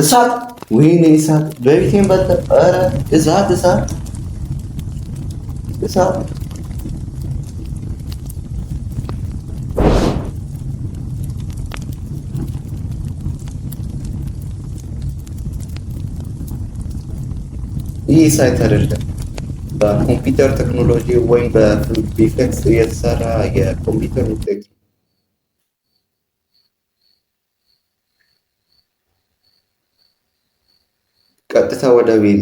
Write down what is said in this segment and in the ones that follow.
እሳት ወይኔ እሳት በቤቴን በጠ ኧረ እሳት እሳት እሳት ይህ ሳይት አይደለም። በኮምፒውተር ቴክኖሎጂ ወይም በሪፍሌክስ የተሰራ የኮምፒውተር ውጤት ነው። ቀጥታ ወደ ቤት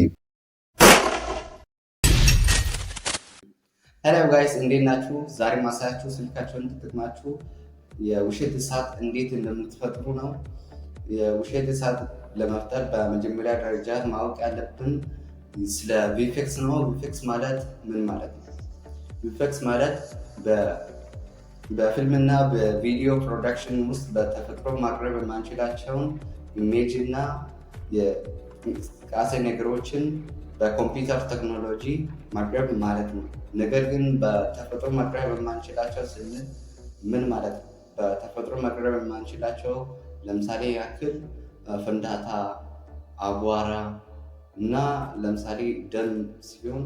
ሄሎ ጋይስ እንዴት ናችሁ? ዛሬ ማሳያችሁ ስልካችሁን ተጠቅማችሁ የውሸት እሳት እንዴት እንደምትፈጥሩ ነው። የውሸት እሳት ለመፍጠር በመጀመሪያ ደረጃ ማወቅ ያለብን ስለ ቪፌክስ ነው። ቪፌክስ ማለት ምን ማለት ነው? ቪፌክስ ማለት በፊልምና በቪዲዮ ፕሮዳክሽን ውስጥ በተፈጥሮ ማቅረብ የማንችላቸውን ኢሜጅ እና እንቅስቃሴ ነገሮችን በኮምፒውተር ቴክኖሎጂ ማቅረብ ማለት ነው። ነገር ግን በተፈጥሮ መቅረብ የማንችላቸው ስንል ምን ማለት ነው? በተፈጥሮ መቅረብ የማንችላቸው ለምሳሌ ያክል ፍንዳታ፣ አቧራ እና ለምሳሌ ደም ሲሆን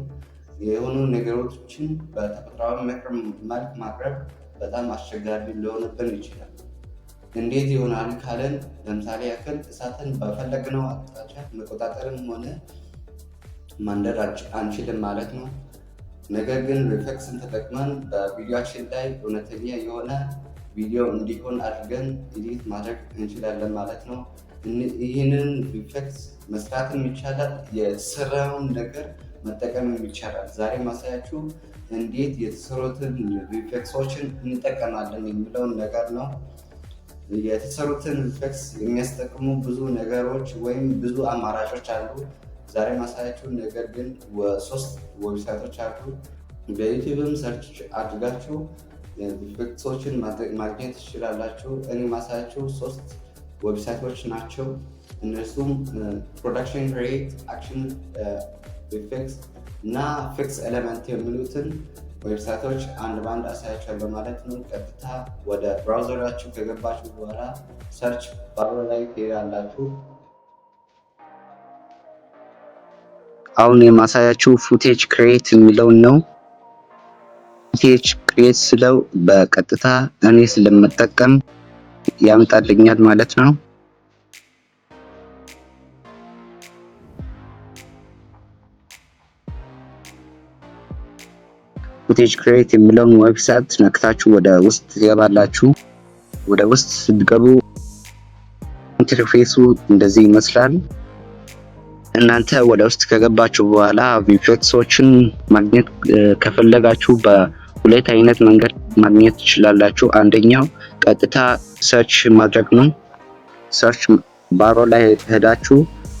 የሆኑ ነገሮችን በተፈጥሯዊ መልክ ማቅረብ በጣም አስቸጋሪ ሊሆንብን ይችላል። እንዴት ይሆናል ካለን ለምሳሌ ያክል እሳትን በፈለግነው አቅጣጫ መቆጣጠርም ሆነ ማንደድ አንችልም ማለት ነው። ነገር ግን ሪፍሌክስን ተጠቅመን በቪዲዮችን ላይ እውነተኛ የሆነ ቪዲዮ እንዲሆን አድርገን ኤዲት ማድረግ እንችላለን ማለት ነው። ይህንን ሪፍሌክስ መስራትም ይቻላል፣ የተሰራውን ነገር መጠቀምም ይቻላል። ዛሬ ማሳያችሁ እንዴት የተሰሩትን ሪፍሌክሶችን እንጠቀማለን የሚለውን ነገር ነው። የተሰሩትን ፌክስ የሚያስጠቅሙ ብዙ ነገሮች ወይም ብዙ አማራጮች አሉ። ዛሬ ማሳያችሁ ነገር ግን ሶስት ዌብሳይቶች አሉ። በዩቲዩብም ሰርች አድርጋችሁ ፌክሶችን ማግኘት ትችላላችሁ። እኔ ማሳያችሁ ሶስት ዌብሳይቶች ናቸው። እነሱም ፕሮዳክሽን ክሬት፣ አክሽን ፌክስ እና ፌክስ ኤሌመንት የሚሉትን ዌብሳይቶች አንድ በአንድ አሳያቸዋል በማለት ነው። ቀጥታ ወደ ብራውዘራችሁ ከገባችሁ በኋላ ሰርች ባሮ ላይ ትሄዳላችሁ። አሁን የማሳያችሁ ፉቴጅ ክሬት የሚለውን ነው። ፉቴጅ ክሬት ስለው በቀጥታ እኔ ስለምጠቀም ያምጣልኛል ማለት ነው። ፉቴጅ ክሬት የሚለውን ዌብሳይት ነክታችሁ ወደ ውስጥ ትገባላችሁ። ወደ ውስጥ ስትገቡ ኢንተርፌሱ እንደዚህ ይመስላል። እናንተ ወደ ውስጥ ከገባችሁ በኋላ ቪፌክሶችን ማግኘት ከፈለጋችሁ በሁለት አይነት መንገድ ማግኘት ትችላላችሁ። አንደኛው ቀጥታ ሰርች ማድረግ ነው። ሰርች ባሮ ላይ ሄዳችሁ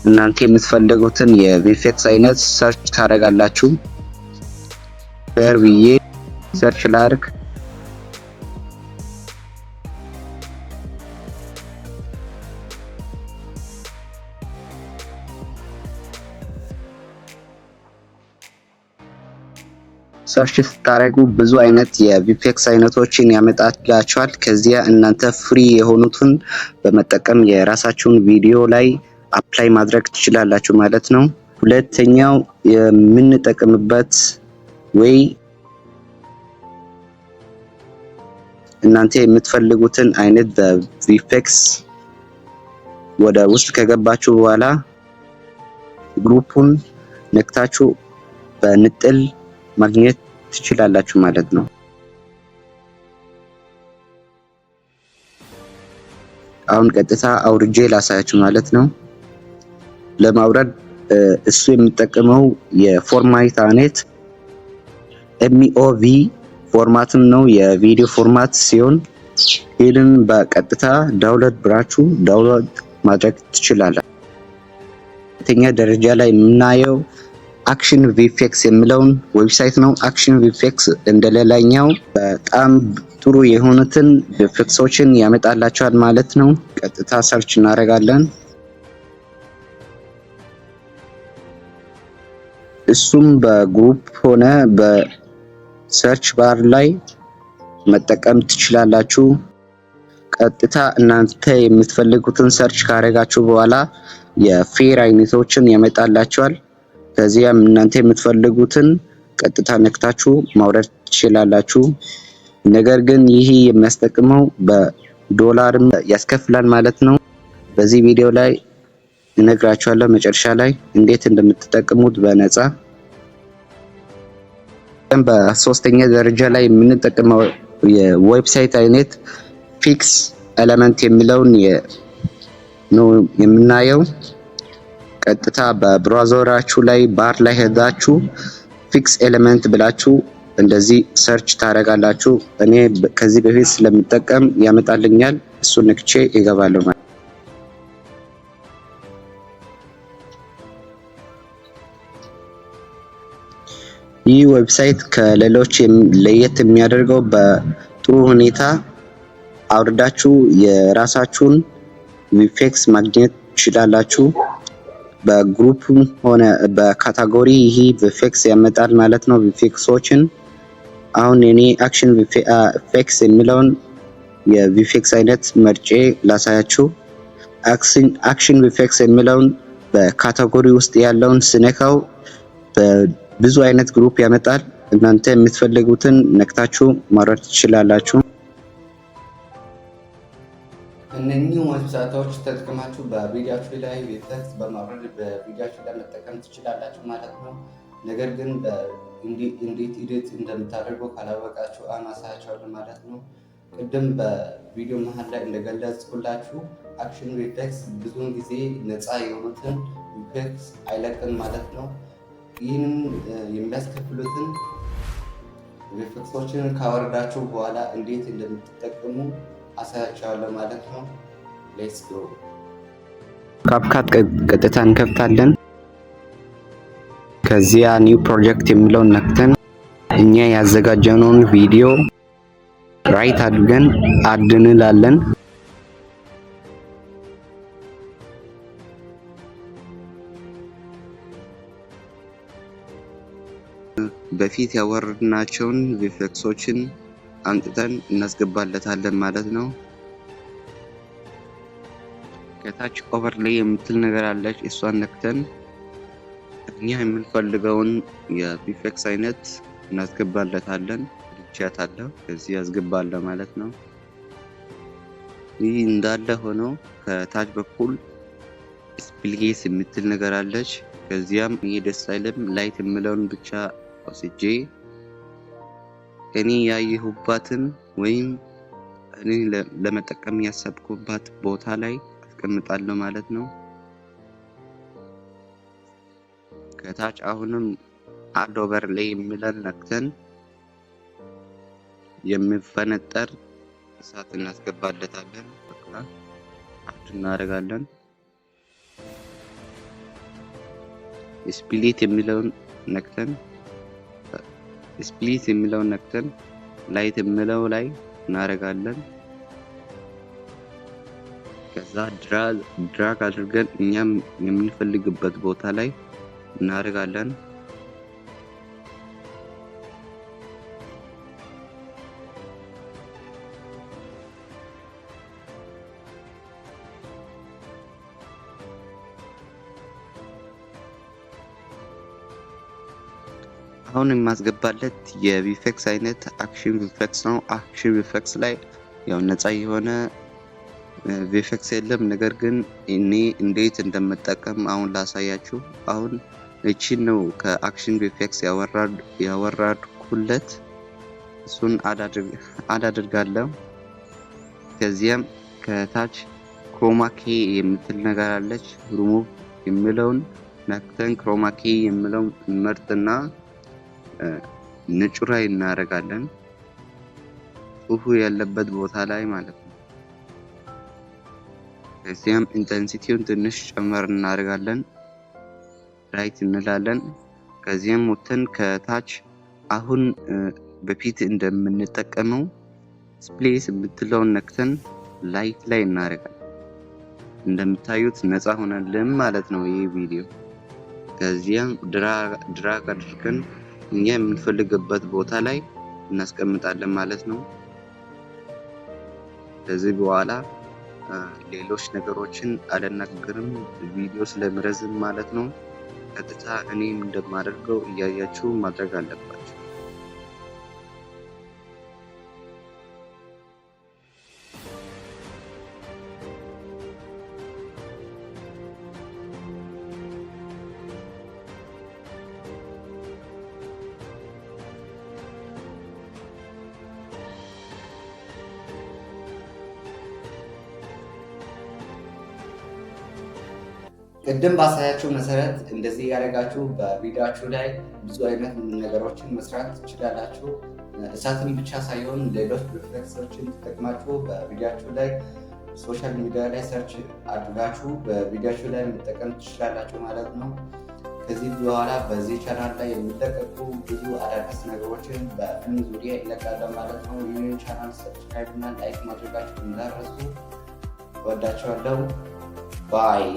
እናንተ የምትፈልጉትን የቪፌክስ አይነት ሰርች ታደርጋላችሁ። ፌር ብዬ ሰርች ላርክ ሰርች ስታደርጉ ብዙ አይነት የቪፔክስ አይነቶችን ያመጣላችኋል። ከዚያ እናንተ ፍሪ የሆኑትን በመጠቀም የራሳችሁን ቪዲዮ ላይ አፕላይ ማድረግ ትችላላችሁ ማለት ነው። ሁለተኛው የምንጠቀምበት ወይ እናንተ የምትፈልጉትን አይነት በቪፔክስ ወደ ውስጥ ከገባችሁ በኋላ ግሩፑን ነክታችሁ በንጥል ማግኘት ትችላላችሁ ማለት ነው። አሁን ቀጥታ አውርጄ ላሳያችሁ ማለት ነው። ለማውረድ እሱ የሚጠቀመው የፎርማት አይነት ኤምኦቪ ፎርማትም e ነው የቪዲዮ ፎርማት ሲሆን ይህንን በቀጥታ ዳውንሎድ ብራቹ ዳውንሎድ ማድረግ ትችላላችሁ። ሁለተኛ ደረጃ ላይ የምናየው አክሽን ቪፌክስ የሚለውን ዌብሳይት ነው። አክሽን ቪፌክስ እንደሌላኛው በጣም ጥሩ የሆኑትን ቪፌክሶችን ያመጣላቸዋል ማለት ነው። ቀጥታ ሰርች እናደርጋለን። እሱም በግሩፕ ሆነ ሰርች ባር ላይ መጠቀም ትችላላችሁ። ቀጥታ እናንተ የምትፈልጉትን ሰርች ካረጋችሁ በኋላ የፌር አይነቶችን ያመጣላችኋል። ከዚያም እናንተ የምትፈልጉትን ቀጥታ ነክታችሁ ማውረድ ትችላላችሁ። ነገር ግን ይህ የሚያስጠቅመው በዶላርም ያስከፍላል ማለት ነው። በዚህ ቪዲዮ ላይ እነግራችኋለሁ መጨረሻ ላይ እንዴት እንደምትጠቀሙት በነፃ ቀን በሶስተኛ ደረጃ ላይ የምንጠቀመው የዌብሳይት አይነት ፊክስ ኤለመንት የሚለውን ነው የምናየው። ቀጥታ በብራውዘራችሁ ላይ ባር ላይ ሄዳችሁ ፊክስ ኤለመንት ብላችሁ እንደዚህ ሰርች ታደርጋላችሁ። እኔ ከዚህ በፊት ስለምጠቀም ያመጣልኛል። እሱን ንክቼ ይገባለሁ። ይህ ዌብሳይት ከሌሎች ለየት የሚያደርገው በጥሩ ሁኔታ አውርዳችሁ የራሳችሁን ዊፌክስ ማግኘት ትችላላችሁ። በግሩፕ ሆነ በካታጎሪ ይህ ቪፌክስ ያመጣል ማለት ነው። ቪፌክሶችን አሁን እኔ አክሽን ፌክስ የሚለውን የቪፌክስ አይነት መርጬ ላሳያችሁ። አክሽን ቪፌክስ የሚለውን በካታጎሪ ውስጥ ያለውን ስነካው ብዙ አይነት ግሩፕ ያመጣል። እናንተ የምትፈልጉትን ነቅታችሁ ማውረድ ትችላላችሁ። እነኚህ ዌብሳይቶች ተጠቅማችሁ በቪዲዮችሁ ላይ ቴክስት በማውረድ በቪዲዮችሁ ላይ መጠቀም ትችላላችሁ ማለት ነው። ነገር ግን እንዴት ኢዲት እንደምታደርጉ ካላወቃችሁ አናሳያችኋለሁ ማለት ነው። ቅድም በቪዲዮ መሀል ላይ እንደገለጽኩላችሁ አክሽን ሪፍሌክስ ብዙውን ጊዜ ነፃ የሆኑትን ሪፍሌክስ አይለቅም ማለት ነው። ይህንን የሚያስከፍሉትን ሪፍሌክሶችን ካወረዳችሁ በኋላ እንዴት እንደምትጠቀሙ አሳያቸዋለሁ ማለት ነው። ሌትስ ጎ። ካፕካት ቀጥታ እንከፍታለን። ከዚያ ኒው ፕሮጀክት የሚለውን ነክተን እኛ ያዘጋጀነውን ቪዲዮ ራይት አድርገን አድንላለን። በፊት ያወረድናቸውን ሪፍሌክሶችን አምጥተን እናስገባለታለን ማለት ነው። ከታች ላይ የምትል ነገር አለች። እሷን ነክተን እኛ የምንፈልገውን የሪፍሌክስ አይነት እናስገባለታለን። ልቻት አለው ከዚህ ያስገባለ ማለት ነው። ይህ እንዳለ ሆኖ ከታች በኩል ስፕሊጌስ የምትል ነገር አለች። ከዚያም ይሄ ደስ አይልም ላይት የምለውን ብቻ ወስጄ እኔ ያየሁባትን ወይም እኔ ለመጠቀም ያሰብኩባት ቦታ ላይ አስቀምጣለሁ ማለት ነው። ከታች አሁንም አድ ኦቨርሌይ የሚለን ነክተን የሚፈነጠር እሳት እናስገባለታለን። አድ እናደርጋለን። ስፕሊት የሚለውን ነክተን ስፕሊት የሚለውን ነክተን ላይት የሚለው ላይ እናደርጋለን። ከዛ ድራግ አድርገን እኛም የምንፈልግበት ቦታ ላይ እናደርጋለን። አሁን የማስገባለት የቪፌክስ አይነት አክሽን ቪፌክስ ነው። አክሽን ቪፌክስ ላይ ያው ነፃ የሆነ ቪፌክስ የለም። ነገር ግን እኔ እንዴት እንደምጠቀም አሁን ላሳያችሁ። አሁን እቺን ነው ከአክሽን ቪፌክስ ያወራድኩለት፣ እሱን አድ አድርጋለሁ። ከዚያም ከታች ክሮማኬ የምትል ነገር አለች። ሩሙቭ የሚለውን ነክተን ክሮማኬ የሚለውን መርጥና ራይ እናደርጋለን ጽሁፉ ያለበት ቦታ ላይ ማለት ነው። ከዚያም ኢንተንሲቲውን ትንሽ ጨመር እናደርጋለን። ራይት እንላለን። ከዚያም ወተን ከታች አሁን በፊት እንደምንጠቀመው ስፕሌስ የምትለውን ነክተን ላይት ላይ እናደርጋለን። እንደምታዩት ነፃ ሆነልን ማለት ነው ይህ ቪዲዮ። ከዚያም ድራግ አድርገን እኛ የምንፈልግበት ቦታ ላይ እናስቀምጣለን ማለት ነው። ከዚህ በኋላ ሌሎች ነገሮችን አልናገርም፣ ቪዲዮ ስለምረዝም ማለት ነው። ቀጥታ እኔም እንደማደርገው እያያችሁ ማድረግ አለባችሁ። ቅድም ባሳያችሁ መሰረት እንደዚህ ያደረጋችሁ በቪዲዮችሁ ላይ ብዙ አይነት ነገሮችን መስራት ትችላላችሁ። እሳትን ብቻ ሳይሆን ሌሎች ሪፍሌክሶችን ተጠቅማችሁ በቪዲዮችሁ ላይ ሶሻል ሚዲያ ላይ ሰርች አድርጋችሁ በቪዲዮችሁ ላይ መጠቀም ትችላላችሁ ማለት ነው። ከዚህ በኋላ በዚህ ቻናል ላይ የሚለቀቁ ብዙ አዳዲስ ነገሮችን በፊልም ዙሪያ ይለቃለ ማለት ነው። ይህን ቻናል ሰብስክራይብ ላይክ ማድረጋችሁ እንዳረሱ። ወዳቸዋለው ባይ